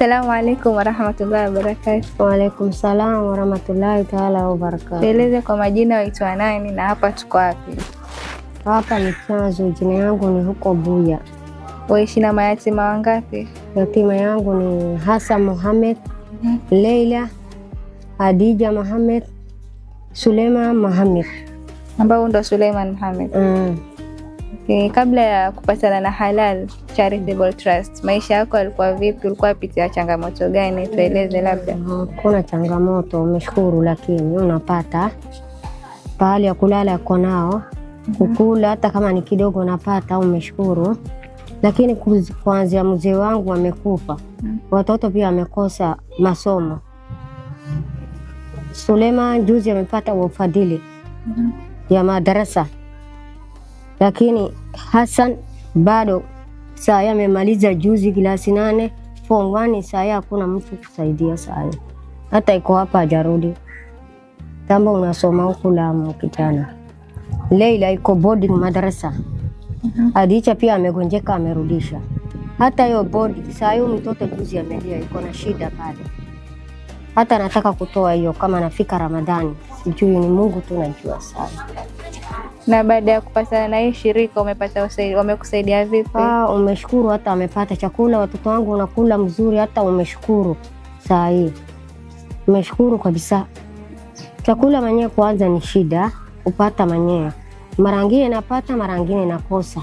Assalamu alaikum warahmatullahi wabarakatuh. Waalaikum salam warahmatullahi taala wabarakatuh. Tueleze kwa majina, waitwa nani na hapa tuko wapi? Hapa ni chanzo. Jina yangu ni huko Buya. Waishi na mayatima wangapi? Yatima yangu ni Hasan muhamed mhm. Leila Hadija muhamed Suleiman muhamed ambao ndo Suleiman muhamed mm. Lakini kabla ya kupatana na halal Charitable Trust, maisha yako yalikuwa vipi? Ulikuwa pitia changamoto gani? Tueleze labda. Kuna changamoto, umeshukuru, lakini unapata pahali ya kulala yako nao mhm. kukula, hata kama ni kidogo napata, umeshukuru. Lakini kuanzia mzee wangu amekufa, mhm. watoto pia wamekosa masomo. Suleiman juzi amepata ufadhili mhm. ya madarasa lakini Hassan bado saa hii amemaliza juzi glasi nane form one. Saa hii hakuna mtu kusaidia, saa hii hata iko hapa ajarudi Tamba unasoma huku Lamu kijana. Leila iko boarding madrasa mhm. Adicha pia amegonjeka, amerudisha hata hiyo board. Saa hiyo mtoto juzi amelia, iko na shida pale, hata nataka kutoa hiyo. Kama nafika Ramadhani sijui, ni Mungu tu najua sana. Na baada ya kupatana na hii shirika umepata usaidizi, wamekusaidia vipi? Ah, umeshukuru, hata wamepata chakula watoto wangu wanakula mzuri, hata umeshukuru. Saa hii umeshukuru kabisa. Chakula manyewe kwanza ni shida kupata manyewe, mara ngine napata, mara ngine nakosa,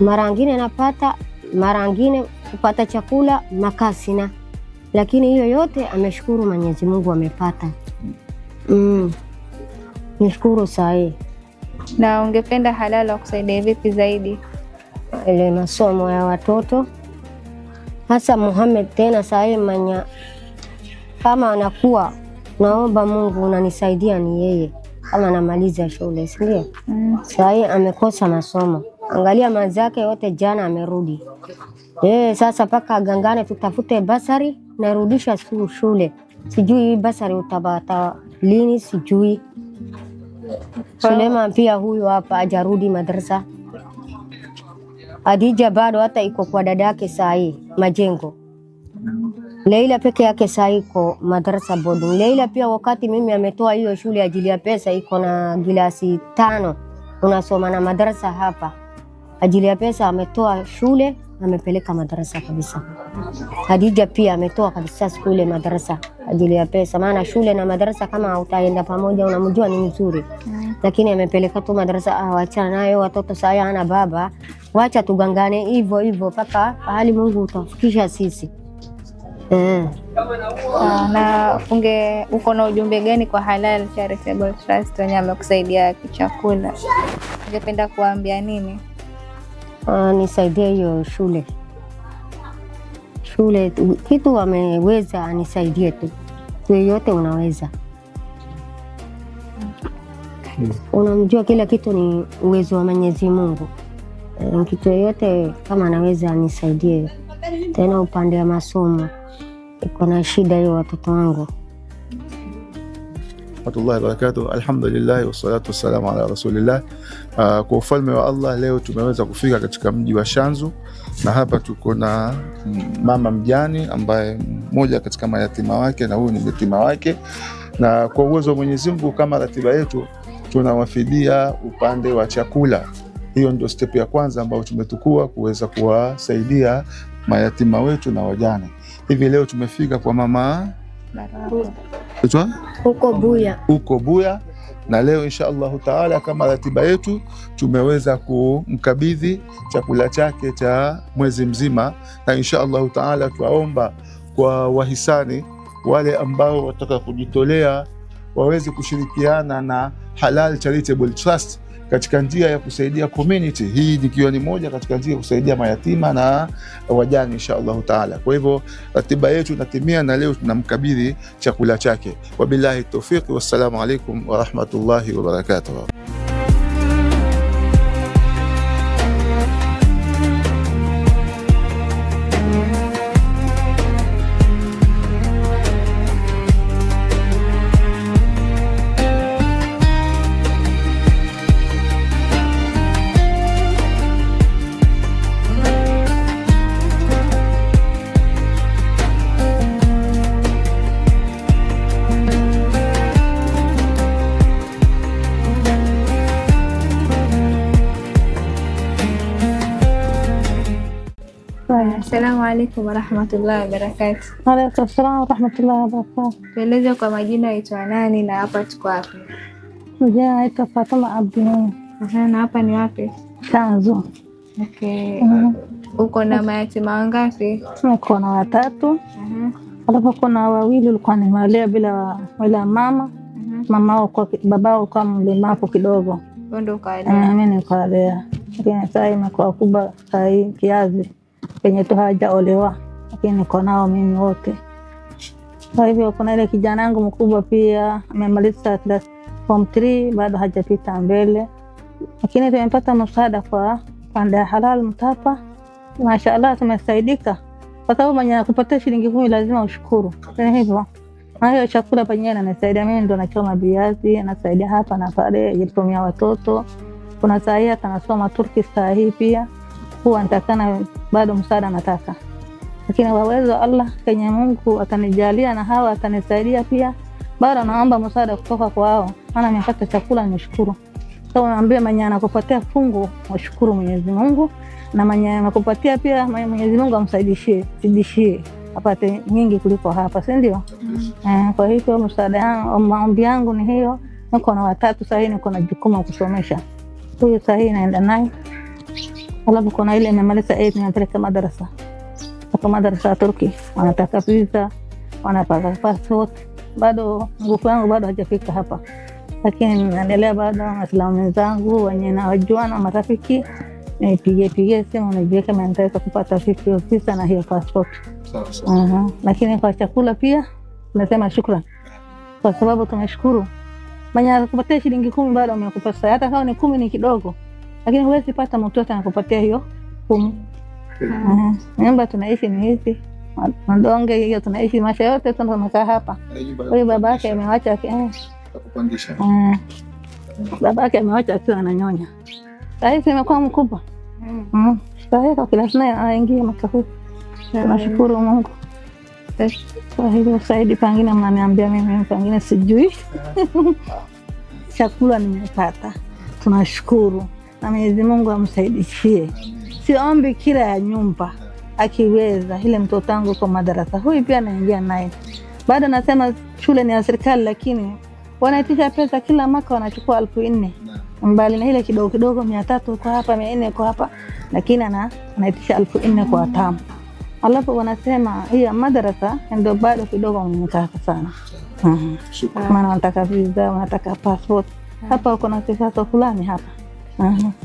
mara ngine napata, mara ngine kupata chakula makasina, lakini hiyo yote ameshukuru Mwenyezi Mungu amepata. Mm, nishukuru saa hii. Na ungependa Halala wakusaidia vipi zaidi? Ile masomo ya watoto hasa Muhammad, tena sahi manya kama anakuwa, naomba Mungu unanisaidia ni yeye kama namaliza shule, si ndio? Mm. Sahi amekosa masomo, angalia mazake yote, jana amerudi yeye sasa mpaka agangane tutafute basari narudisha shule, sijui basari utapata lini, sijui sulema pia huyo hapa ajarudi madrasa. Adija bado hata iko kwa dada yake saa hii Majengo. Leila peke yake saa iko madrasa boarding. Leila pia wakati mimi ametoa hiyo shule ajili ya pesa, iko na gilasi tano, unasoma na madrasa hapa ajili ya pesa, ametoa shule amepeleka madarasa kabisa. Hadija pia ametoa kabisa siku madarasa ajili ya pesa, maana shule na madarasa kama hautaenda pamoja, unamjua ni mzuri mm. Lakini amepeleka tu madarasa, awacha ah, nayo watoto saya ana baba, wacha tugangane hivyo hivyo mpaka pahali Mungu utafikisha sisi mm. Uh, na unge uko na ujumbe gani kwa Halal Charitable Trust wenye amekusaidia kichakula, ungependa kuambia nini? Uh, ah, nisaidia hiyo shule shule tu, kitu wameweza anisaidie tu, yote unaweza hmm. Unamjua kila kitu ni uwezo wa Mwenyezi Mungu. Eh, kitu yoyote kama anaweza anisaidie. Tena upande wa masomo iko na shida hiyo, watoto wangu rahmatullahi wabarakatuh. Alhamdulillah wassalatu wassalamu ala rasulillah. Uh, kwa ufalme wa Allah leo tumeweza kufika katika mji wa Shanzu na hapa tuko na mama mjani ambaye mmoja katika mayatima wake na huyu ni yatima wake, na kwa uwezo wa Mwenyezi Mungu kama ratiba yetu tunawafidia upande wa chakula. Hiyo ndio step ya kwanza ambayo tumetukua kuweza kuwasaidia mayatima wetu na wajane. Hivi leo tumefika kwa mama huko Buya, huko Buya na leo insha Allahu taala kama ratiba yetu tumeweza kumkabidhi chakula chake cha mwezi mzima, na insha Allahu taala twaomba kwa wahisani wale ambao wataka kujitolea waweze kushirikiana na Halal Charitable Trust katika njia ya kusaidia community hii, nikiwa ni moja katika njia ya kusaidia mayatima na wajani insha Allahu taala. Kwa hivyo ratiba yetu inatimia na leo tunamkabidhi chakula chake. Wabillahi tawfiq, wassalamu alaikum warahmatullahi wabarakatuh. alaikum warahmatullahi wabarakatu. Waalaikum salam warahmatullahi wabarakatu. Tueleze kwa majina, waitwa nani na hapa tuko wapi? Majina naitwa Fatuma Abdi. Asana, na hapa ni wapi? Tanzu. Okay. Mhm. Uko na mayatima wangapi? Uko na watatu. Alafu kuna wawili ulikuwa ni malea bila bila mama. mama -hmm. Mama wao babao kwa mlemavu kidogo, ndio kawalea. Mimi nikalea, lakini sasa imekuwa kubwa sahii kiazi penye tu hawajaolewa, lakini niko nao mimi wote. Kwa hivyo kuna ile kijana yangu mkubwa pia amemaliza form 3 bado hajapita mbele, lakini tumepata msaada kwa pande ya Halal Mtapa. Mashaallah, tumesaidika kwa sababu mwenye nakupatia shilingi kumi lazima ushukuru. Hivyo hiyo chakula penyewe nanasaidia mimi, ndo nachoma viazi, anasaidia hapa na pale, jitumia watoto. Kuna saa hii atanasoma Turki saa hii pia huwa ntakana bado msaada nataka, lakini kwa uwezo wa Allah kenye Mungu atanijalia na hawa atanisaidia pia, bado naomba msaada kutoka kwao, maana nimepata chakula, nimeshukuru. So naambia mwenye anakupatia fungu washukuru Mwenyezi Mungu, na mwenye anakupatia pia Mwenyezi Mungu amsaidishie, zidishie apate nyingi kuliko hapa, si ndio? Mm. Eh, kwa hivyo msaada yangu, maombi yangu ni hiyo. Niko na watatu sahii, niko na jukumu kusomesha huyu sahii, naenda naye Alafu kuna ile imemaliza eight inapeleka madarasa mpaka madarasa ya Turki, wanataka visa, wanapata passport. Bado nguvu yangu bado hajafika hapa, lakini naendelea bado. Waislamu wenzangu wenye nawajua na marafiki nipige pige simu nijiweke nitaweza kupata hiyo visa na hiyo passport. Uh-huh. Lakini kwa chakula pia nasema shukran, kwa sababu tumeshukuru manya kupatia shilingi kumi bado amekupa hata kama ni kumi ni kidogo lakini huwezi pata mtoto anakupatia hiyo humu. Hmm. Nyumba tunaishi ni hizi madonge, hiyo tunaishi maisha yote tunakaa hapa. Yaani huyu baba yake amewacha, eh. hmm. baba yake amewacha akiwa ananyonya. Sahii imekuwa mkubwa, hmm. sahii kwa kilasina aingia mwaka huu. Nashukuru Mungu Swahili eh, saidi, pangine mnaniambia mimi, pangine sijui. Chakula nimepata, tunashukuru na Mwenyezi Mungu amsaidishie. Siombi kila ya nyumba, akiweza ile mtoto wangu kwa madarasa, huyu pia anaingia naye. Baada nasema shule ni ya serikali, lakini wanaitisha pesa kila mwaka wanachukua elfu nne mbali na ile kidogo kidogo, mia tatu kwa hapa, mia nne kwa hapa, lakini ana anaitisha elfu nne kwa tamu. Alafu wanasema hii ya madarasa ndio bado kidogo wamekata sana, mhm. maana wanataka visa, wanataka passport. Ah. Hapa uko na kisaso fulani hapa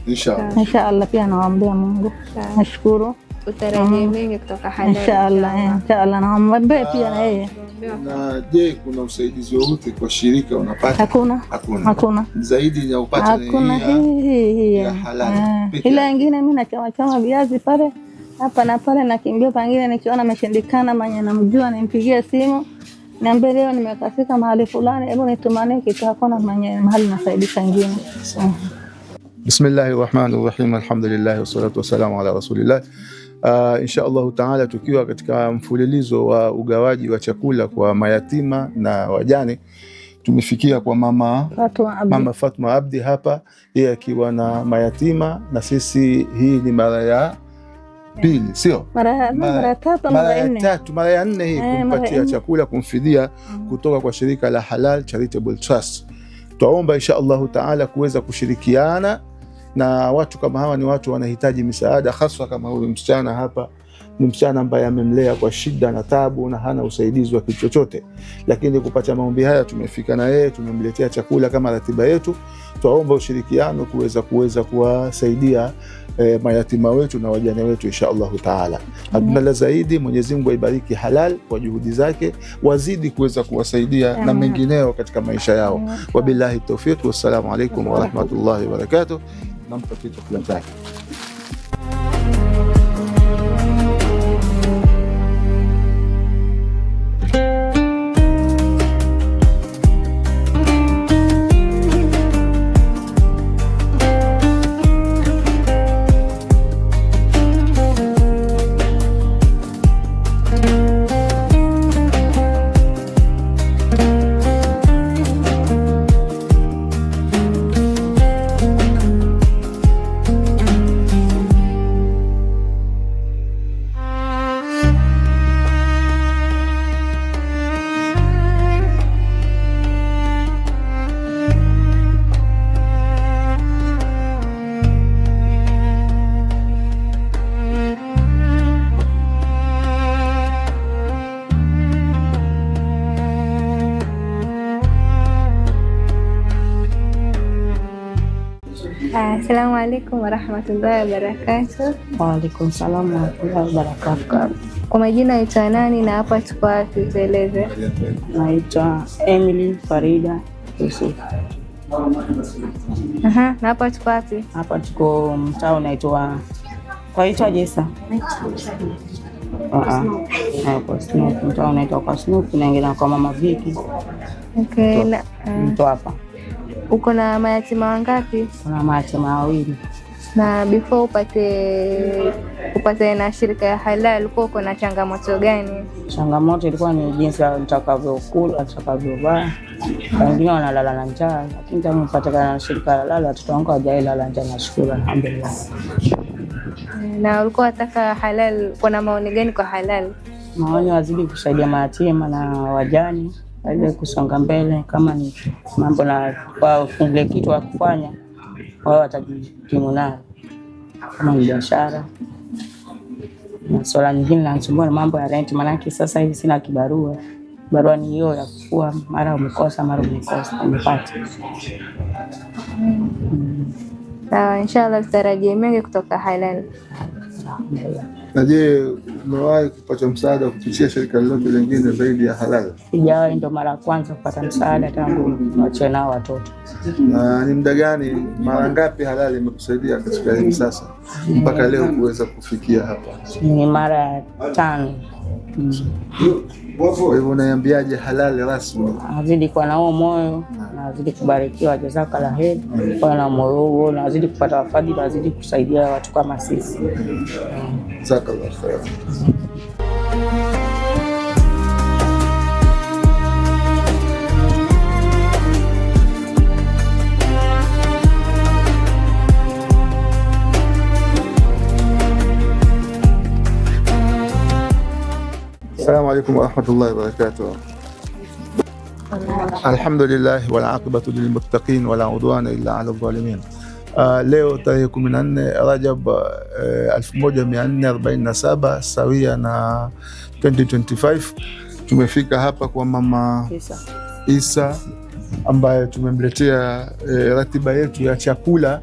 Inshallah. Inshallah pia nawaambia Mungu. Nashukuru. Utarajie mengi kutoka Halali. Inshallah, inshallah naomba pia na yeye. Na je, kuna usaidizi wowote kwa shirika unapata? Hakuna. Hakuna. Hakuna. Zaidi ya upata Hakuna hii hii ya Halali. Eh, ila nyingine mimi nachoma choma viazi pale hapa na pale nakimbia, pangine nikiona ameshindikana mwenye namjua nimpigie simu niambie leo nimekafika mahali fulani, hebu nitumanie kitu. Hakuna mwenye mahali nasaidika ingine. Bismillahi rahmani rahim, alhamdulillahi wassalatu wassalamu ala rasulillah. Uh, insha allahu taala, tukiwa katika mfululizo wa ugawaji wa chakula kwa mayatima na wajane, tumefikia kwa mama Fatma Abdi, mama Fatma Abdi hapa, yeye akiwa na mayatima na sisi, hii ni mara ya pili sio, mara mara tatu, mara ya nne hii eh, kumpatia chakula kumfidia mm. kutoka kwa shirika la Halal Charitable Trust. Twaomba insha allahu taala kuweza kushirikiana na watu kama hawa ni watu wanahitaji misaada, haswa kama huyu msichana hapa. Ni msichana ambaye amemlea kwa shida na tabu na hana usaidizi wa kitu chochote, lakini kupata maombi haya tumefika na yeye, tumemletea chakula kama ratiba yetu. Twaomba ushirikiano kuweza kuweza kuwasaidia e, mayatima wetu na wajane wetu insha Allahu taala. Hatuna la zaidi. Mwenyezi Mungu aibariki Halal kwa juhudi zake, wazidi kuweza kuwasaidia na mengineo katika maisha yao. Wabillahi taufiq, wassalamu alaikum warahmatullahi wabarakatuh. non-profit organization. Assalamu alaikum warahmatullahi wabarakatuh. Waalaikum salamu warahmatullahi wabarakatuh. Kwa majina naitwa nani na hapa tuko wapi? Tueleze. Naitwa Emily Farida Yusuf. Aha, na hapa tuko wapi? Hapa tuko mtaa unaitwa kwaitwa Jesa. Ah, ah. Ah, mtaa unaitwa kwa Snoop na kwa Mama Viki. Okay, na mtu hapa Uko na mayatima wangapi? Kuna mayatima wawili. Na before upate upate na shirika ya Halal, ulikuwa uko na changamoto gani? Changamoto ilikuwa ni jinsi nitakavyokula, nitakavyovaa. Wengine wanalala na njaa, lakini tangu nipatikana na shirika ya Halal watoto wangu hawajailala njaa, nashukuru alhamdulillah. Na ulikuwa ataka Halal, kuna maoni gani kwa Halal? Maoni wazidi kusaidia mayatima na wajani ajili kusonga mbele. Kama ni mambo na kile kitu wa kufanya wao watajikimu nayo, kama ni biashara na swala nyingine na mambo ya rent, maanake sasa hivi sina kibarua. Barua ni hiyo ya kukua, mara umekosa, mara umekosa umepata. Mm. Sawa, inshallah tutarajie mengi kutoka Highland. Na je, umewahi kupata msaada kupitia shirika lolote lingine zaidi ya Halali? Sijawahi, ndo mara ya kwanza kupata msaada tangu niachwe nao watoto. Na ni muda gani, mara ngapi Halali imekusaidia katika hivi sasa mpaka leo kuweza kufikia hapa? Ni mara ya tano. Hivyo naambiaje halali rasmi? Azidi kuwa nao moyo na azidi kubarikiwa, jazaka la heri kwa na moyo huo, na azidi kupata wafadhili, azidi kusaidia watu kama sisi. Jazakallah khairan. Assalamu alaikum warahmatullahi wabarakatuh. Alhamdulillah wal aqibatu lil muttaqin wala udwana illa ala zalimin. Uh, leo tarehe 14 Rajab 1447 uh, sawia na 2025 tumefika hapa kwa Mama Isa, ambaye tumemletea uh, ratiba yetu ya chakula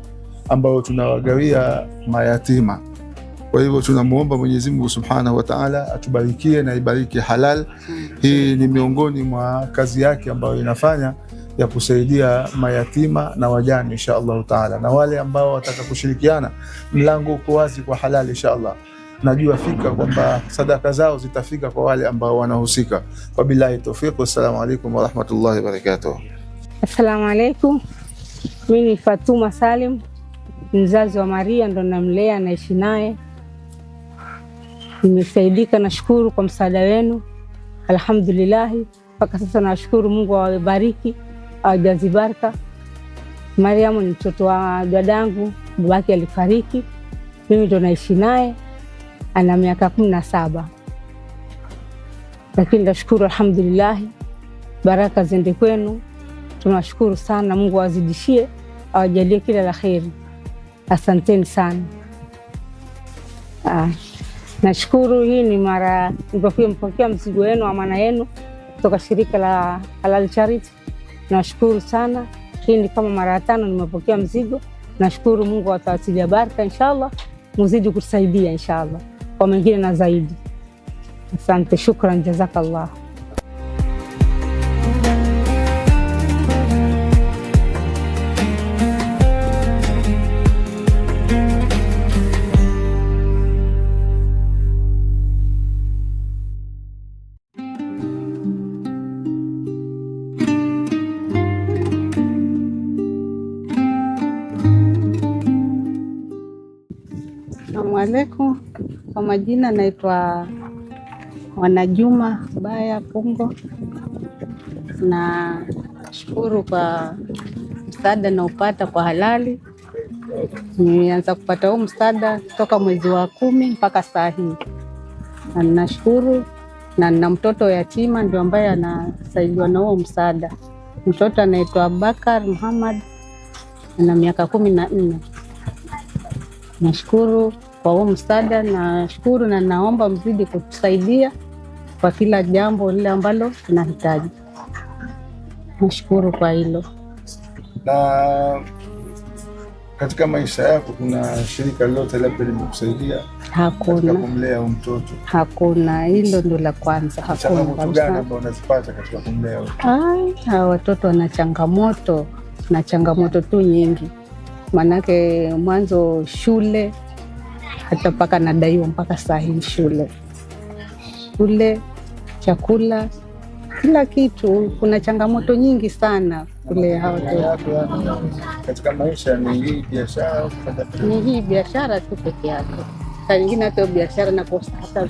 ambayo tunawagawia mayatima kwa hivyo tunamwomba Mwenyezi Mungu Subhanahu wa Ta'ala atubarikie na ibariki halal hii. Ni miongoni mwa kazi yake ambayo inafanya ya kusaidia mayatima na wajane insha Allahu Taala, na wale ambao wataka kushirikiana, mlango uko wazi kwa halal insha Allah. Najua fika kwamba sadaka zao zitafika kwa wale ambao wanahusika. Wabillahi tawfiq, wassalamu alaikum warahmatullahi wabarakatuh. Assalamu alaikum, mimi ni Fatuma Salim, mzazi wa Maria, ndo namlea naishi naye. Nimesaidika, nashukuru kwa msaada wenu, alhamdulillahi. Mpaka sasa nashukuru, Mungu awabariki, awajazi baraka. Mariamu ni mtoto wa dadangu, babake alifariki, mimi ndo naishi naye, ana miaka kumi na saba, lakini nashukuru, alhamdulillahi. Baraka ziende kwenu, tunashukuru sana. Mungu awazidishie, awajalie kila la kheri. Asanteni sana. Ah. Nashukuru, hii ni mara nipokea mzigo wenu wa maana yenu kutoka shirika la Halal Charity. Nashukuru sana, hii ni kama mara ya tano nimepokea mzigo. Nashukuru Mungu atawatilia baraka inshallah, muzidi kutusaidia inshallah kwa mengine na zaidi. Asante, shukran, jazakallah. majina, naitwa Wanajuma Baya Pungo. Na shukuru kwa msaada naupata kwa halali. Nimeanza kupata huu msaada toka mwezi wa kumi mpaka saa hii, na ninashukuru na na mtoto yatima ndio ambaye anasaidiwa na huo msaada. Mtoto anaitwa Bakar Muhammad ana miaka kumi na nne. Nashukuru kwa huu msaada. Nashukuru na naomba mzidi kutusaidia kwa kila jambo lile ambalo tunahitaji. Nashukuru kwa hilo. Na katika maisha yako kuna shirika lolote labda limekusaidia hakuna kumlea mtoto? Hakuna, hilo ndo la kwanza. Changamoto unazipata katika kumlea hawa ah, ah, watoto? Wana changamoto na changamoto tu nyingi, maanake mwanzo shule hata mpaka nadaiwa mpaka saa hii shule shule, chakula, kila kitu. Kuna changamoto nyingi sana kule katika maisha. Ni hii biashara tu peke yake, saa nyingine hata biashara nakosa hata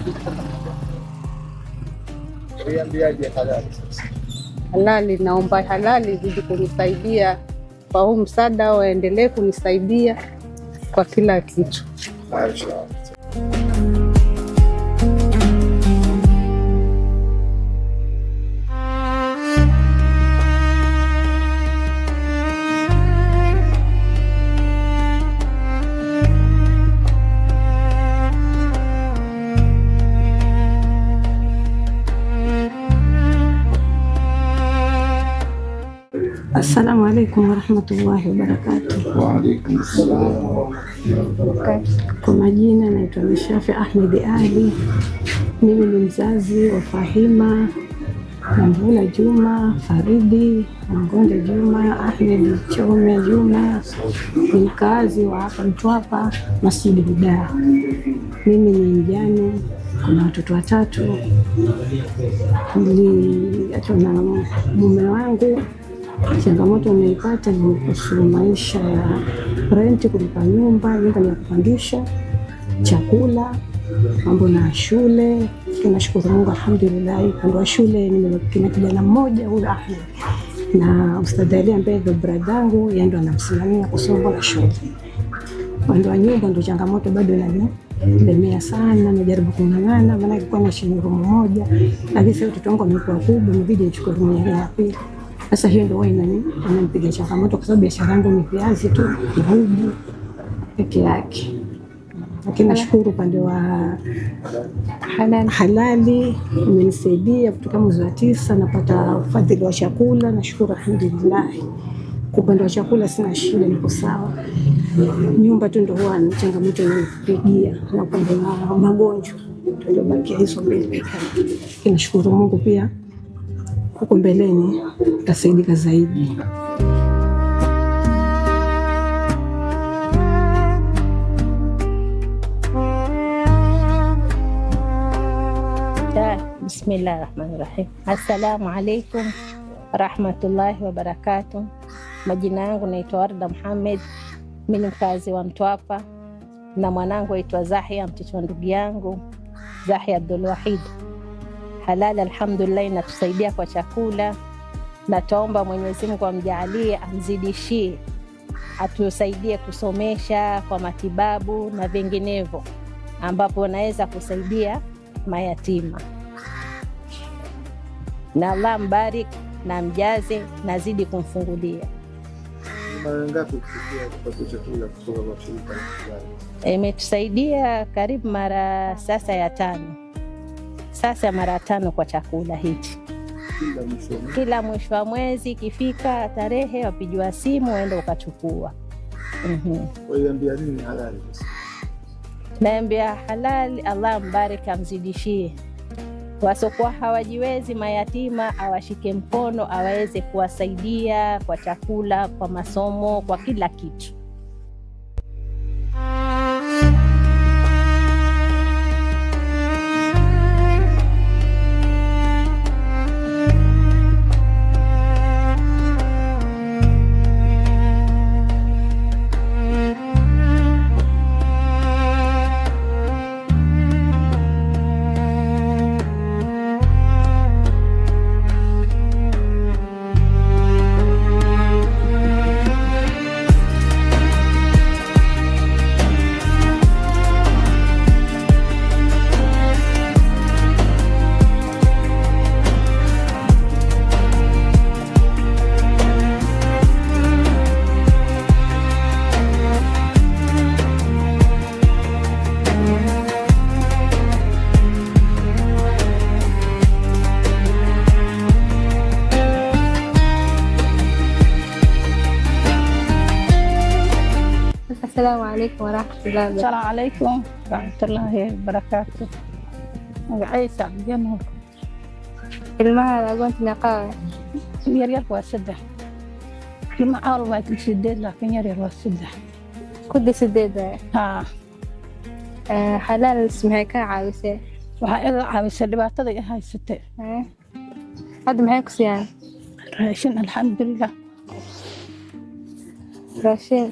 halali. Naomba halali zidi kunisaidia kwa huu msaada, waendelee kunisaidia kwa kila kitu. livestock. Assalamu alaikum warahmatullahi wabarakatuh. Wa alaikum salaam Kwa majina naitwa Mishafi Ahmed Ali, mimi ni mzazi wa Fahima Mvula Juma Faridi Mgonde Juma Ahmed Chome Juma, ni mkazi wa hapa Mtwapa Masjidi Hudaa. Mimi ni mjane, kuna watoto watatu, niliachwa na mume wangu Changamoto nilipata ni kuhusu maisha ya renti, kulipa nyumba, nyumba ni ya kupangisha, chakula, mambo na shule. Nashukuru Mungu, alhamdulillahi, upande wa shule nimekina kijana mmoja huyu Ahmed na Ustadh Ali ambaye ndo bradangu, yeye ndo anamsimamia kusoma na shule. Upande wa nyumba ndo changamoto bado nani lemea sana, najaribu kung'ang'ana, maanake kuwa naishi rumu moja, lakini sasa watoto wangu wamekuwa kubwa, imebidi nichukue rumu ya pili. Sasa hiyo ndio inani inanipiga changamoto, kwa sababu biashara yangu ni viazi tu ububu peke yake, lakini nashukuru upande wa halali umenisaidia kutoka mwezi wa tisa napata ufadhili wa chakula, nashukuru alhamdulillah. Kwa upande wa chakula sina shida, niko sawa. Nyumba tu ndio huwa changamoto inayopigia, na upande wa magonjwa ndio bakia hizo mbili Nashukuru Mungu pia huko mbeleni tasaidika zaidi. Bismillahi rahmani rahim. Assalamu alaikum warahmatullahi wabarakatuh. Majina yangu naitwa Arda Muhammad, mi ni mkazi wa Mtwapa na mwanangu aitwa Zahia, mtoto wa ndugu yangu Zahia Abdulwahid halali, alhamdulillah, inatusaidia kwa chakula, na twaomba Mwenyezi Mungu amjaalie, amzidishie, atusaidie kusomesha kwa matibabu na vinginevyo, ambapo anaweza kusaidia mayatima, na Allah mbarik na mjaze, nazidi kumfungulia imetusaidia karibu mara sasa ya tano sasa mara tano kwa chakula hichi kila mwisho wa mwezi ikifika tarehe wapijua simu waenda ukachukua. Mhm. naambia halali, Allah mbariki amzidishie. Wasokuwa hawajiwezi mayatima awashike mkono, awaweze kuwasaidia kwa chakula, kwa masomo, kwa kila kitu. asalaamu calaykum waraxmatullaahi barakaatu magacaysa cabdijanuur ilmahaada agoonta meeqaa yaryarka waa saddex jimcaal waa sideed laakiin yaryar waa saddex kudi sideed haa xalaalis maxay kaa caawisee waxaa iga caawisa dhibaatada i haysatee hadda maxay ku siiyaan raashin alxamdulilah raashin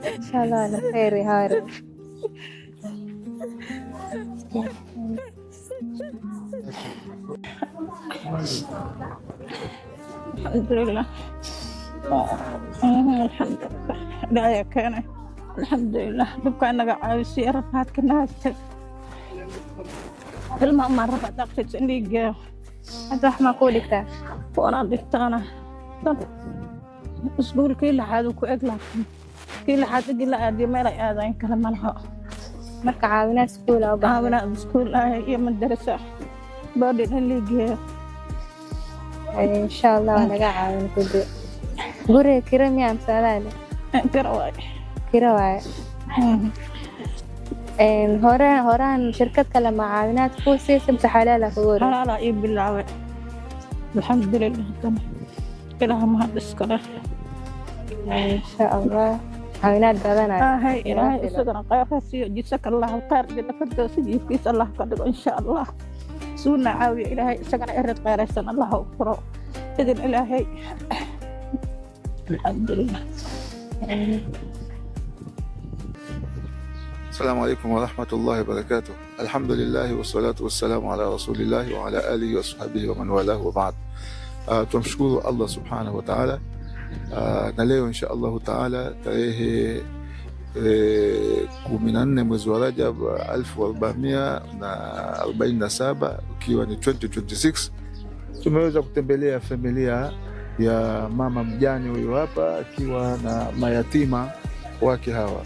Insyaallah anak saya rehat. Alhamdulillah. Alhamdulillah. Dah Alhamdulillah. Bukan naga ayus si rehat kena marah pada kecil ni gel. Ada mak kulit ya. iskuulkii laxaad ku eg laakiin kii laxaad igi la aadiyo meel ay aadayn kale ma laha marka caawinaa iskuul ah caawinaa iskuul ah iyo madarasa boodhi dhaliigeeyo insha allah waa naga caawin gudi guriga kira miya amse adaale kira waay kira waay hore horaan shirkad kale ma caawinaad kuu siisa mse xalaala kugu hore xalaala iyo bilaabay alxamdulilah ilaah mahad iskaleh insha allah cawinaad badanaahay ilaahay isagana qayrkaasiyo jisaka allah qayrkeeda ka doosa jiifkiisa allah ka dhigo insha allah suuna caawiya ilaahay isagana erid qayraysan allah u furo idin ilaahay alxamdulilah السلام عليكم ورحمة الله وبركاته الحمد لله والصلاة والسلام على رسول الله وعلى آله وصحبه ومن والاه وبعد Uh, ah, tunamshukuru Allah subhanahu wa taala. Uh, na leo insha allahu taala tarehe e, eh, kumi na nne mwezi wa Rajab 1447 ukiwa ni 2026 tumeweza kutembelea familia ya mama mjani huyu hapa akiwa na mayatima wake hawa.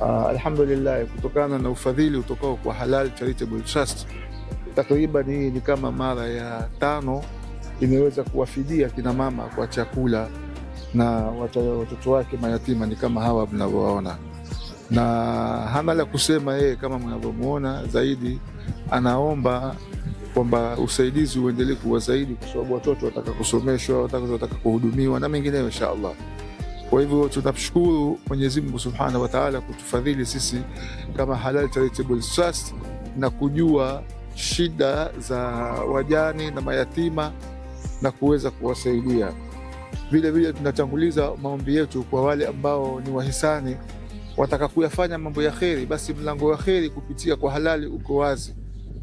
Uh, alhamdulillah, kutokana na ufadhili utokao kwa Halal Charitable Trust, takriban hii ni kama mara ya tano imeweza kuwafidia kina mama kwa chakula na watoto wake mayatima ni kama hawa mnavyowaona, na hana la kusema yeye, kama mnavyomwona zaidi, anaomba kwamba usaidizi uendelee kuwa zaidi, kwa sababu watoto wataka kusomeshwa, wataka kuhudumiwa na mengineyo insha Allah. Kwa hivyo tunamshukuru Mwenyezi Mungu Subhanahu wa Ta'ala kutufadhili sisi kama halal Charitable Trust na kujua shida za wajani na mayatima na kuweza kuwasaidia. Vile vile tunatanguliza maombi yetu kwa wale ambao ni wahisani wataka kuyafanya mambo ya kheri, basi mlango wa kheri kupitia kwa halali uko wazi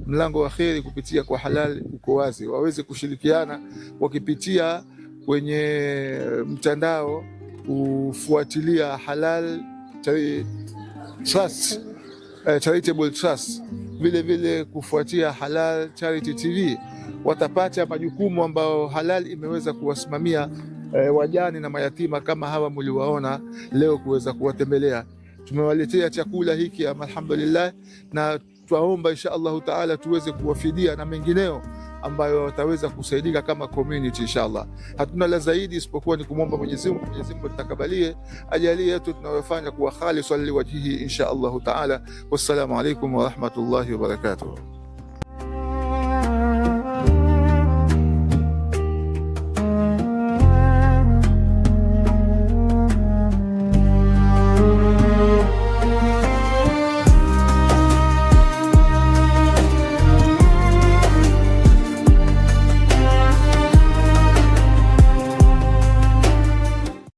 mlango wa kheri kupitia kwa halali uko wazi, waweze kushirikiana wakipitia kwenye mtandao kufuatilia Halal Trust, uh, Charitable Trust vile vile kufuatia Halal Charity TV watapata majukumu ambayo Halal imeweza kuwasimamia e, eh, wajani na mayatima kama hawa mliwaona leo kuweza kuwatembelea. Tumewaletea chakula hiki alhamdulillah, na twaomba insha Allahu taala tuweze kuwafidia na mengineo ambayo wataweza kusaidika kama community inshallah. Hatuna la zaidi isipokuwa ni kumwomba Mwenyezi Mungu, Mwenyezi Mungu atakabalie, ajalie yetu tunayofanya kuwa khali swali wajhihi insha Allahu taala. Wassalamu alaikum warahmatullahi wabarakatuh